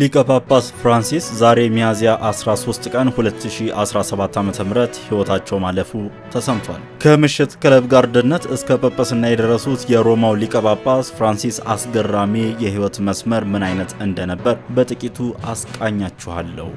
ሊቀ ጳጳስ ፍራንሲስ ዛሬ ሚያዝያ 13 ቀን 2017 ዓ.ም ሕይወታቸው ማለፉ ተሰምቷል። ከምሽት ክለብ ጋርደነት እስከ ጵጵስና የደረሱት የሮማው ሊቀ ጳጳስ ፍራንሲስ አስገራሚ የሕይወት መስመር ምን አይነት እንደነበር በጥቂቱ አስቃኛችኋለሁ።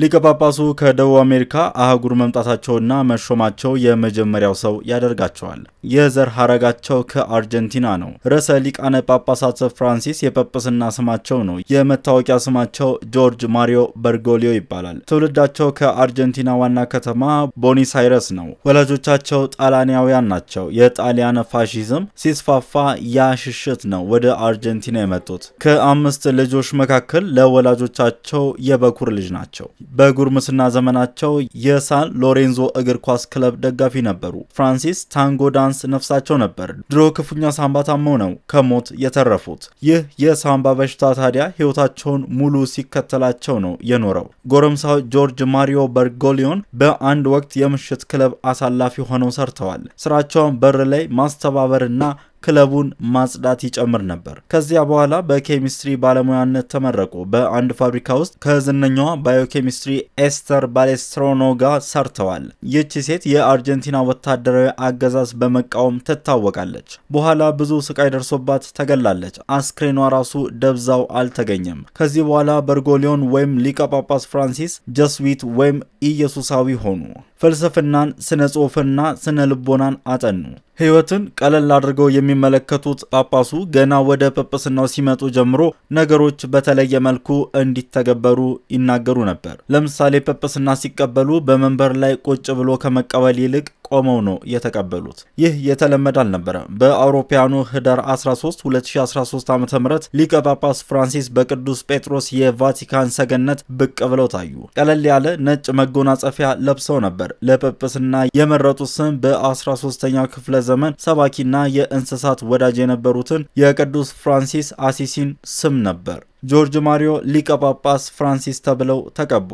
ሊቀ ጳጳሱ ከደቡብ አሜሪካ አህጉር መምጣታቸውና መሾማቸው የመጀመሪያው ሰው ያደርጋቸዋል። የዘር ሀረጋቸው ከአርጀንቲና ነው። ርዕሰ ሊቃነ ጳጳሳት ፍራንሲስ የጵጵስና ስማቸው ነው። የመታወቂያ ስማቸው ጆርጅ ማሪዮ በርጎሊዮ ይባላል። ትውልዳቸው ከአርጀንቲና ዋና ከተማ ቦኒስ አይረስ ነው። ወላጆቻቸው ጣሊያናውያን ናቸው። የጣሊያን ፋሺዝም ሲስፋፋ ያ ሽሽት ነው ወደ አርጀንቲና የመጡት። ከአምስት ልጆች መካከል ለወላጆቻቸው የበኩር ልጅ ናቸው። በጉርምስና ዘመናቸው የሳን ሎሬንዞ እግር ኳስ ክለብ ደጋፊ ነበሩ። ፍራንሲስ ታንጎ ዳንስ ነፍሳቸው ነበር። ድሮ ክፉኛ ሳምባ ታመው ነው ከሞት የተረፉት። ይህ የሳምባ በሽታ ታዲያ ሕይወታቸውን ሙሉ ሲከተላቸው ነው የኖረው። ጎረምሳው ጆርጅ ማሪዮ በርጎሊዮን በአንድ ወቅት የምሽት ክለብ አሳላፊ ሆነው ሰርተዋል። ስራቸውን በር ላይ ማስተባበርና ክለቡን ማጽዳት ይጨምር ነበር። ከዚያ በኋላ በኬሚስትሪ ባለሙያነት ተመረቁ። በአንድ ፋብሪካ ውስጥ ከዝነኛዋ ባዮኬሚስትሪ ኤስተር ባሌስትሮኖ ጋር ሰርተዋል። ይቺ ሴት የአርጀንቲና ወታደራዊ አገዛዝ በመቃወም ትታወቃለች። በኋላ ብዙ ስቃይ ደርሶባት ተገላለች። አስክሬኗ ራሱ ደብዛው አልተገኘም። ከዚህ በኋላ በርጎሊዮን ወይም ሊቀ ጳጳስ ፍራንሲስ ጀስዊት ወይም ኢየሱሳዊ ሆኑ። ፍልስፍናን፣ ስነ ጽሑፍና ስነ ልቦናን አጠኑ። ሕይወትን ቀለል አድርገው የሚመለከቱት ጳጳሱ ገና ወደ ጵጵስናው ሲመጡ ጀምሮ ነገሮች በተለየ መልኩ እንዲተገበሩ ይናገሩ ነበር። ለምሳሌ ጵጵስና ሲቀበሉ በመንበር ላይ ቁጭ ብሎ ከመቀበል ይልቅ ቆመው ነው የተቀበሉት። ይህ የተለመደ አልነበረም። በአውሮፓውያኑ ህዳር 13 2013 ዓ ም ሊቀ ጳጳስ ፍራንሲስ በቅዱስ ጴጥሮስ የቫቲካን ሰገነት ብቅ ብለው ታዩ። ቀለል ያለ ነጭ መጎናጸፊያ ለብሰው ነበር። ለጵጵስና የመረጡት ስም በ13ኛው ክፍለ ዘመን ሰባኪና የእንስሳት ወዳጅ የነበሩትን የቅዱስ ፍራንሲስ አሲሲን ስም ነበር። ጆርጅ ማሪዮ ሊቀ ጳጳስ ፍራንሲስ ተብለው ተቀቡ።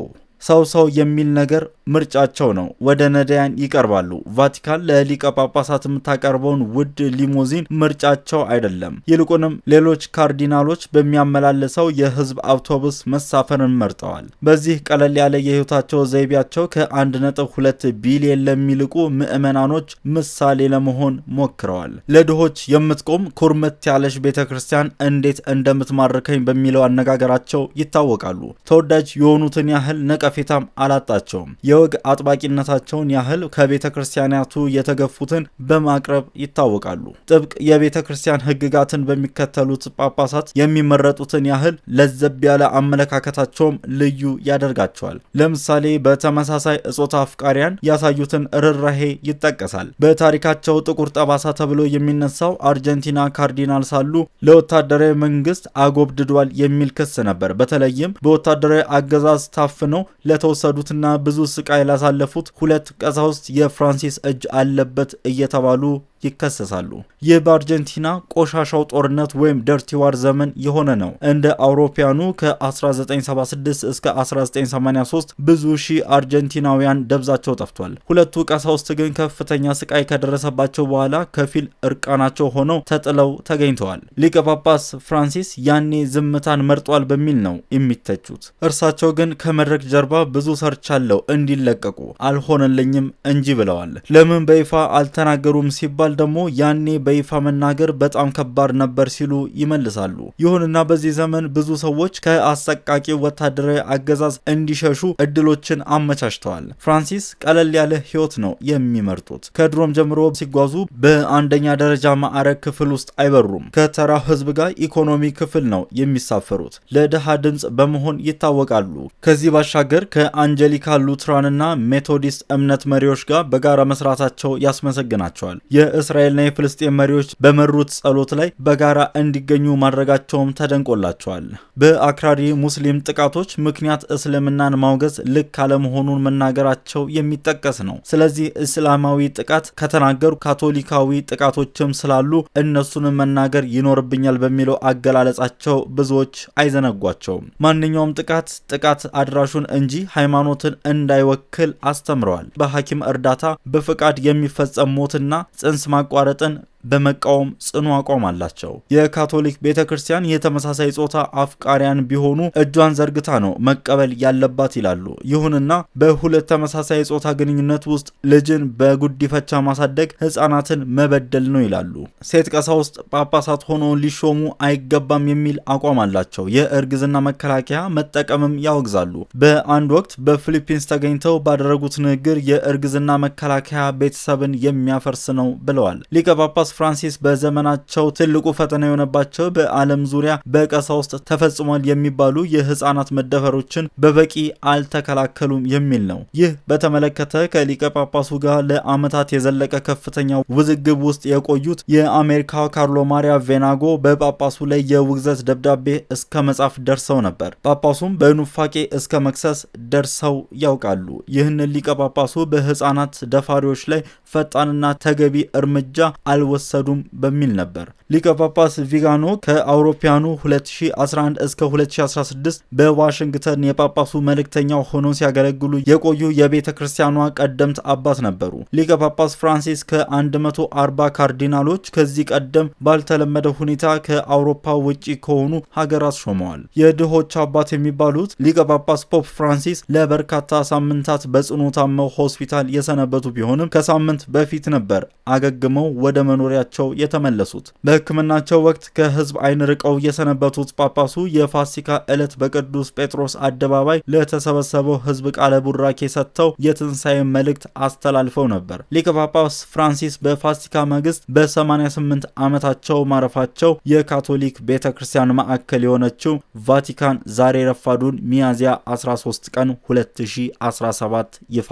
ሰው ሰው የሚል ነገር ምርጫቸው ነው። ወደ ነዳያን ይቀርባሉ። ቫቲካን ለሊቀ ጳጳሳት የምታቀርበውን ውድ ሊሞዚን ምርጫቸው አይደለም። ይልቁንም ሌሎች ካርዲናሎች በሚያመላልሰው የህዝብ አውቶቡስ መሳፈርን መርጠዋል። በዚህ ቀለል ያለ የህይወታቸው ዘይቤያቸው ከ1.2 ቢሊየን ለሚልቁ ምዕመናኖች ምሳሌ ለመሆን ሞክረዋል። ለድሆች የምትቆም ኩርምት ያለች ቤተ ክርስቲያን እንዴት እንደምትማርከኝ በሚለው አነጋገራቸው ይታወቃሉ። ተወዳጅ የሆኑትን ያህል ነቀ ነቀፌታም አላጣቸውም። የወግ አጥባቂነታቸውን ያህል ከቤተ ክርስቲያናቱ የተገፉትን በማቅረብ ይታወቃሉ። ጥብቅ የቤተ ክርስቲያን ሕግጋትን በሚከተሉት ጳጳሳት የሚመረጡትን ያህል ለዘብ ያለ አመለካከታቸውም ልዩ ያደርጋቸዋል። ለምሳሌ በተመሳሳይ እጾታ አፍቃሪያን ያሳዩትን ርኅራሄ ይጠቀሳል። በታሪካቸው ጥቁር ጠባሳ ተብሎ የሚነሳው አርጀንቲና ካርዲናል ሳሉ ለወታደራዊ መንግስት አጎብድዷል የሚል ክስ ነበር። በተለይም በወታደራዊ አገዛዝ ታፍነው ለተወሰዱትና ብዙ ስቃይ ላሳለፉት ሁለት ቀሳውስት የፍራንሲስ እጅ አለበት እየተባሉ ይከሰሳሉ። ይህ በአርጀንቲና ቆሻሻው ጦርነት ወይም ደርቲዋር ዘመን የሆነ ነው። እንደ አውሮፓያኑ ከ1976 እስከ 1983 ብዙ ሺህ አርጀንቲናውያን ደብዛቸው ጠፍቷል። ሁለቱ ቀሳውስት ግን ከፍተኛ ስቃይ ከደረሰባቸው በኋላ ከፊል እርቃናቸው ሆነው ተጥለው ተገኝተዋል። ሊቀ ጳጳስ ፍራንሲስ ያኔ ዝምታን መርጧል በሚል ነው የሚተቹት። እርሳቸው ግን ከመድረክ ጀርባ ብዙ ሰርቻለሁ እንዲለቀቁ አልሆነልኝም እንጂ ብለዋል። ለምን በይፋ አልተናገሩም ሲባል ሲባል ደግሞ ያኔ በይፋ መናገር በጣም ከባድ ነበር ሲሉ ይመልሳሉ። ይሁንና በዚህ ዘመን ብዙ ሰዎች ከአሰቃቂ ወታደራዊ አገዛዝ እንዲሸሹ እድሎችን አመቻችተዋል። ፍራንሲስ ቀለል ያለ ህይወት ነው የሚመርጡት። ከድሮም ጀምሮ ሲጓዙ በአንደኛ ደረጃ ማዕረግ ክፍል ውስጥ አይበሩም። ከተራ ህዝብ ጋር ኢኮኖሚ ክፍል ነው የሚሳፈሩት። ለድሃ ድምፅ በመሆን ይታወቃሉ። ከዚህ ባሻገር ከአንጀሊካ ሉትራንና ሜቶዲስት እምነት መሪዎች ጋር በጋራ መስራታቸው ያስመሰግናቸዋል። የእስራኤልና የፍልስጤን መሪዎች በመሩት ጸሎት ላይ በጋራ እንዲገኙ ማድረጋቸውም ተደንቆላቸዋል። በአክራሪ ሙስሊም ጥቃቶች ምክንያት እስልምናን ማውገዝ ልክ አለመሆኑን መናገራቸው የሚጠቀስ ነው። ስለዚህ እስላማዊ ጥቃት ከተናገሩ ካቶሊካዊ ጥቃቶችም ስላሉ እነሱንም መናገር ይኖርብኛል በሚለው አገላለጻቸው ብዙዎች አይዘነጓቸውም። ማንኛውም ጥቃት ጥቃት አድራሹን እንጂ ሃይማኖትን እንዳይወክል አስተምረዋል። በሐኪም እርዳታ በፈቃድ የሚፈጸም ሞትና ጽንስ ማቋረጥን በመቃወም ጽኑ አቋም አላቸው። የካቶሊክ ቤተ ክርስቲያን የተመሳሳይ ጾታ አፍቃሪያን ቢሆኑ እጇን ዘርግታ ነው መቀበል ያለባት ይላሉ። ይሁንና በሁለት ተመሳሳይ ጾታ ግንኙነት ውስጥ ልጅን በጉዲፈቻ ማሳደግ ህጻናትን መበደል ነው ይላሉ። ሴት ቀሳውስት ጳጳሳት ሆኖ ሊሾሙ አይገባም የሚል አቋም አላቸው። የእርግዝና መከላከያ መጠቀምም ያወግዛሉ። በአንድ ወቅት በፊሊፒንስ ተገኝተው ባደረጉት ንግግር የእርግዝና መከላከያ ቤተሰብን የሚያፈርስ ነው ብለዋል። ሊቀ ጳጳስ ፍራንሲስ በዘመናቸው ትልቁ ፈተና የሆነባቸው በዓለም ዙሪያ በቀሳውስት ተፈጽሟል የሚባሉ የህፃናት መደፈሮችን በበቂ አልተከላከሉም የሚል ነው። ይህ በተመለከተ ከሊቀ ጳጳሱ ጋር ለዓመታት የዘለቀ ከፍተኛ ውዝግብ ውስጥ የቆዩት የአሜሪካ ካርሎ ማሪያ ቬናጎ በጳጳሱ ላይ የውግዘት ደብዳቤ እስከ መጻፍ ደርሰው ነበር። ጳጳሱም በኑፋቄ እስከ መክሰስ ደርሰው ያውቃሉ። ይህንን ሊቀ ጳጳሱ በህፃናት ደፋሪዎች ላይ ፈጣንና ተገቢ እርምጃ አልወሰ አልወሰዱም በሚል ነበር ሊቀ ጳጳስ ቪጋኖ ከአውሮፓያኑ 2011 እስከ 2016 በዋሽንግተን የጳጳሱ መልእክተኛ ሆነው ሲያገለግሉ የቆዩ የቤተ ክርስቲያኗ ቀደምት አባት ነበሩ። ሊቀ ጳጳስ ፍራንሲስ ከ140 ካርዲናሎች ከዚህ ቀደም ባልተለመደ ሁኔታ ከአውሮፓ ውጪ ከሆኑ ሀገራት ሾመዋል። የድሆች አባት የሚባሉት ሊቀ ጳጳስ ፖፕ ፍራንሲስ ለበርካታ ሳምንታት በጽኑ ታመው ሆስፒታል የሰነበቱ ቢሆንም ከሳምንት በፊት ነበር አገግመው ወደ መኖሪያቸው የተመለሱት። በሕክምናቸው ወቅት ከህዝብ አይን ርቀው የሰነበቱት ጳጳሱ የፋሲካ ዕለት በቅዱስ ጴጥሮስ አደባባይ ለተሰበሰበው ህዝብ ቃለ ቡራኬ ሰጥተው የትንሣኤ መልእክት አስተላልፈው ነበር። ሊቀ ጳጳስ ፍራንሲስ በፋሲካ ማግስት በ88 ዓመታቸው ማረፋቸው የካቶሊክ ቤተ ክርስቲያን ማዕከል የሆነችው ቫቲካን ዛሬ ረፋዱን ሚያዝያ 13 ቀን 2017 ይፋ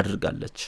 አድርጋለች።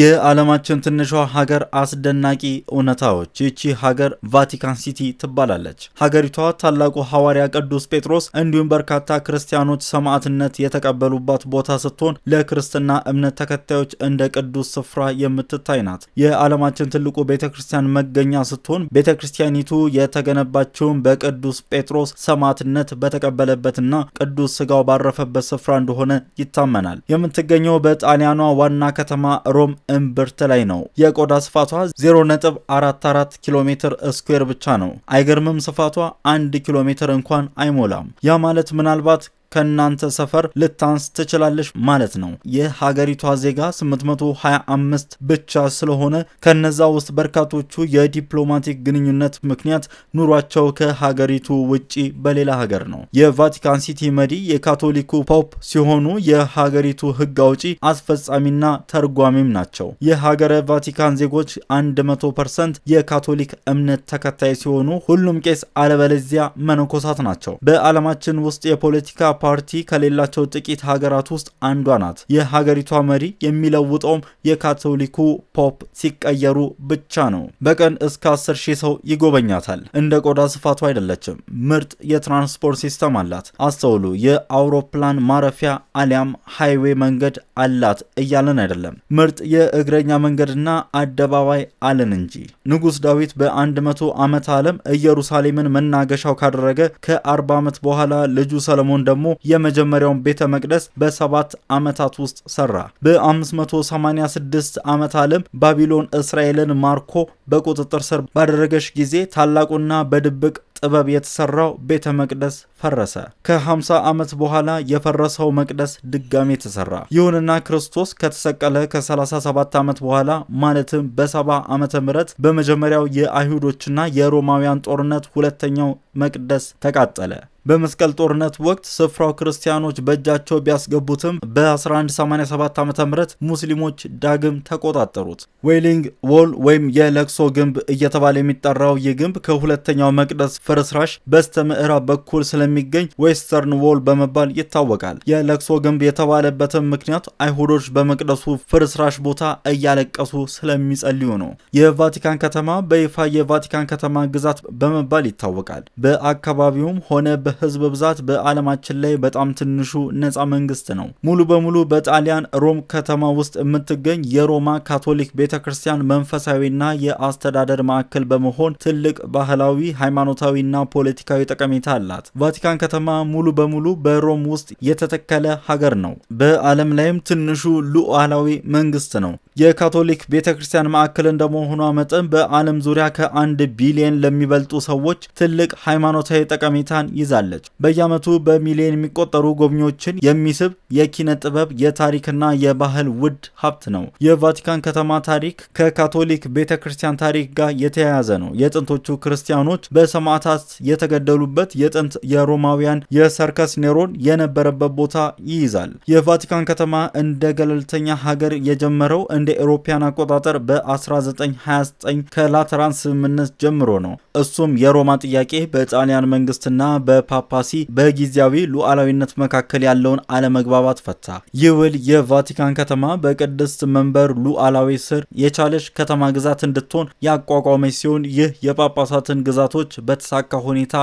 የዓለማችን ትንሿ ሀገር አስደናቂ እውነታዎች። ይቺ ሀገር ቫቲካን ሲቲ ትባላለች። ሀገሪቷ ታላቁ ሐዋርያ ቅዱስ ጴጥሮስ እንዲሁም በርካታ ክርስቲያኖች ሰማዕትነት የተቀበሉባት ቦታ ስትሆን ለክርስትና እምነት ተከታዮች እንደ ቅዱስ ስፍራ የምትታይ ናት። የዓለማችን ትልቁ ቤተ ክርስቲያን መገኛ ስትሆን ቤተ ክርስቲያኒቱ የተገነባቸውን በቅዱስ ጴጥሮስ ሰማዕትነት በተቀበለበትና ቅዱስ ስጋው ባረፈበት ስፍራ እንደሆነ ይታመናል። የምትገኘው በጣሊያኗ ዋና ከተማ ሮም እምብርት ላይ ነው። የቆዳ ስፋቷ 0.44 ኪሎ ሜትር ስኩዌር ብቻ ነው። አይገርምም? ስፋቷ 1 ኪሎ ሜትር እንኳን አይሞላም። ያ ማለት ምናልባት ከእናንተ ሰፈር ልታንስ ትችላለች ማለት ነው። የሀገሪቷ ዜጋ 825 ብቻ ስለሆነ ከነዛ ውስጥ በርካቶቹ የዲፕሎማቲክ ግንኙነት ምክንያት ኑሯቸው ከሀገሪቱ ውጪ በሌላ ሀገር ነው። የቫቲካን ሲቲ መሪ የካቶሊኩ ፖፕ ሲሆኑ የሀገሪቱ ሕግ አውጪ አስፈጻሚና ተርጓሚም ናቸው። የሀገረ ቫቲካን ዜጎች 100 ፐርሰንት የካቶሊክ እምነት ተከታይ ሲሆኑ ሁሉም ቄስ አለበለዚያ መነኮሳት ናቸው። በዓለማችን ውስጥ የፖለቲካ ፓርቲ ከሌላቸው ጥቂት ሀገራት ውስጥ አንዷ ናት። የሀገሪቷ መሪ የሚለውጠውም የካቶሊኩ ፖፕ ሲቀየሩ ብቻ ነው። በቀን እስከ 10 ሺህ ሰው ይጎበኛታል። እንደ ቆዳ ስፋቱ አይደለችም። ምርጥ የትራንስፖርት ሲስተም አላት። አስተውሉ፣ የአውሮፕላን ማረፊያ አሊያም ሃይዌይ መንገድ አላት እያለን አይደለም። ምርጥ የእግረኛ መንገድና አደባባይ አለን እንጂ። ንጉሥ ዳዊት በ100 ዓመት ዓለም ኢየሩሳሌምን መናገሻው ካደረገ ከ40 ዓመት በኋላ ልጁ ሰለሞን ደግሞ ደግሞ የመጀመሪያውን ቤተ መቅደስ በሰባት ዓመታት ውስጥ ሰራ። በ586 ዓመት ዓለም ባቢሎን እስራኤልን ማርኮ በቁጥጥር ስር ባደረገች ጊዜ ታላቁና በድብቅ ጥበብ የተሰራው ቤተ መቅደስ ፈረሰ። ከ50 ዓመት በኋላ የፈረሰው መቅደስ ድጋሜ ተሰራ። ይሁንና ክርስቶስ ከተሰቀለ ከ37 ዓመት በኋላ ማለትም በ70 ዓመተ ምህረት በመጀመሪያው የአይሁዶችና የሮማውያን ጦርነት ሁለተኛው መቅደስ ተቃጠለ። በመስቀል ጦርነት ወቅት ስፍራው ክርስቲያኖች በእጃቸው ቢያስገቡትም በ1187 ም ሙስሊሞች ዳግም ተቆጣጠሩት። ዌይሊንግ ዎል ወይም የለቅሶ ግንብ እየተባለ የሚጠራው ይህ ግንብ ከሁለተኛው መቅደስ ፍርስራሽ በስተ ምዕራብ በኩል ስለሚገኝ ዌስተርን ዎል በመባል ይታወቃል። የለቅሶ ግንብ የተባለበትም ምክንያት አይሁዶች በመቅደሱ ፍርስራሽ ቦታ እያለቀሱ ስለሚጸልዩ ነው። የቫቲካን ከተማ በይፋ የቫቲካን ከተማ ግዛት በመባል ይታወቃል። በአካባቢውም ሆነ በ ህዝብ ብዛት በዓለማችን ላይ በጣም ትንሹ ነፃ መንግስት ነው። ሙሉ በሙሉ በጣሊያን ሮም ከተማ ውስጥ የምትገኝ የሮማ ካቶሊክ ቤተ ክርስቲያን መንፈሳዊና የአስተዳደር ማዕከል በመሆን ትልቅ ባህላዊ፣ ሃይማኖታዊና ፖለቲካዊ ጠቀሜታ አላት። ቫቲካን ከተማ ሙሉ በሙሉ በሮም ውስጥ የተተከለ ሀገር ነው። በዓለም ላይም ትንሹ ሉዓላዊ መንግስት ነው። የካቶሊክ ቤተ ክርስቲያን ማዕከል እንደመሆኗ መጠን በዓለም ዙሪያ ከአንድ ቢሊየን ለሚበልጡ ሰዎች ትልቅ ሃይማኖታዊ ጠቀሜታን ይዛል። ትገኛለች። በየዓመቱ በሚሊዮን የሚቆጠሩ ጎብኚዎችን የሚስብ የኪነ ጥበብ የታሪክና የባህል ውድ ሀብት ነው። የቫቲካን ከተማ ታሪክ ከካቶሊክ ቤተ ክርስቲያን ታሪክ ጋር የተያያዘ ነው። የጥንቶቹ ክርስቲያኖች በሰማዕታት የተገደሉበት የጥንት የሮማውያን የሰርከስ ኔሮን የነበረበት ቦታ ይይዛል። የቫቲካን ከተማ እንደ ገለልተኛ ሀገር የጀመረው እንደ ኤሮፓያን አቆጣጠር በ1929 ከላተራን ስምምነት ጀምሮ ነው። እሱም የሮማ ጥያቄ በጣሊያን መንግስትና በፓ ፓፓሲ በጊዜያዊ ሉዓላዊነት መካከል ያለውን አለመግባባት ፈታ። ይህ ውል የቫቲካን ከተማ በቅድስት መንበር ሉዓላዊ ስር የቻለች ከተማ ግዛት እንድትሆን ያቋቋመች ሲሆን ይህ የጳጳሳትን ግዛቶች በተሳካ ሁኔታ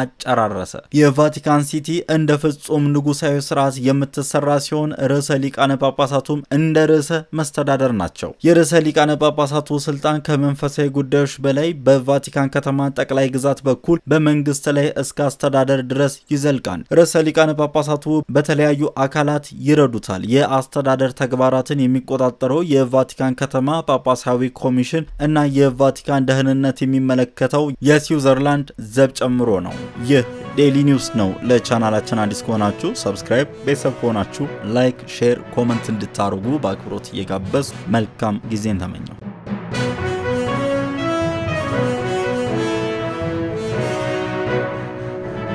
አጨራረሰ። የቫቲካን ሲቲ እንደ ፍጹም ንጉሳዊ ስርዓት የምትሰራ ሲሆን ርዕሰ ሊቃነ ጳጳሳቱም እንደ ርዕሰ መስተዳደር ናቸው። የርዕሰ ሊቃነ ጳጳሳቱ ስልጣን ከመንፈሳዊ ጉዳዮች በላይ በቫቲካን ከተማ ጠቅላይ ግዛት በኩል በመንግስት ላይ እስከ አስተዳደር ድረስ ይዘልቃል። ርዕሰ ሊቃነ ጳጳሳቱ በተለያዩ አካላት ይረዱታል። የአስተዳደር ተግባራትን የሚቆጣጠረው የቫቲካን ከተማ ጳጳሳዊ ኮሚሽን እና የቫቲካን ደህንነት የሚመለከተው የስዊዘርላንድ ዘብ ጨምሮ ነው። ይህ ዴሊ ኒውስ ነው። ለቻናላችን አዲስ ከሆናችሁ ሰብስክራይብ፣ ቤተሰብ ከሆናችሁ ላይክ፣ ሼር፣ ኮመንት እንድታደርጉ በአክብሮት እየጋበዝ መልካም ጊዜን ተመኘው።